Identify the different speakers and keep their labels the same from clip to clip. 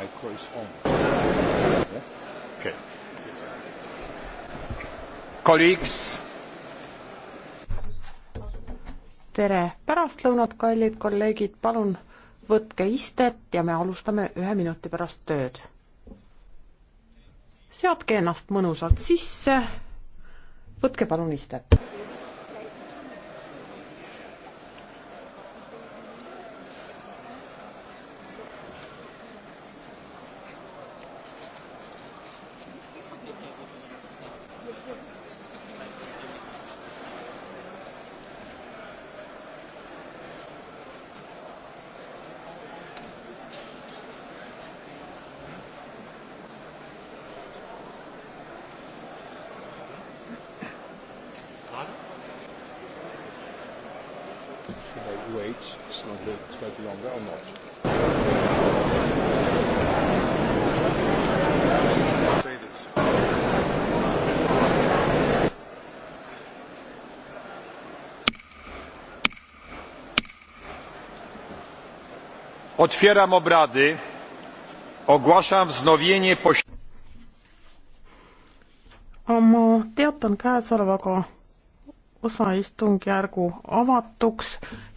Speaker 1: micro is on. Yeah? Okay. Colleagues. tere pärastlõunat, kallid kolleegid, palun võtke istet ja me alustame ühe minuti pärast tööd. seadke ennast mõnusalt sisse, võtke palun istet about wait, slightly, slightly longer or not. Say this. Otwieram obrady. Ogłaszam wznowienie posiedzenia. Ma teatan käesolevaga osa istungjärgu avatuks,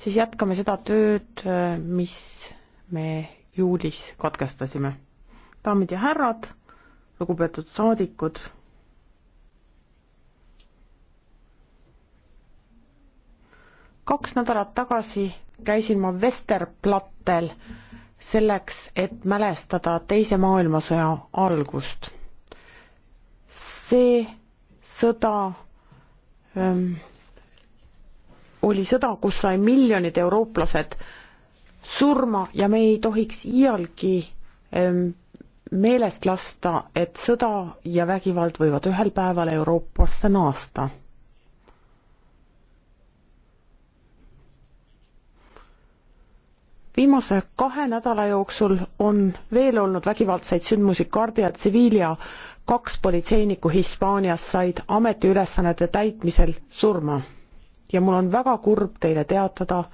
Speaker 1: siis jätkame seda tööd, mis me juulis katkestasime. daamid ja härrad, lugupeetud saadikud, kaks nädalat tagasi käisin ma Vesterplattel selleks, et mälestada Teise maailmasõja algust. see sõda ähm, oli sõda, kus sai miljonid eurooplased surma ja me ei tohiks iialgi ehm, meelest lasta, et sõda ja vägivald võivad ühel päeval Euroopasse naasta. viimase kahe nädala jooksul on veel olnud vägivaldseid sündmusi, Guardia Civil ja kaks politseinikku Hispaanias said ametiülesannete täitmisel surma ja mul on väga kurb teile teatada,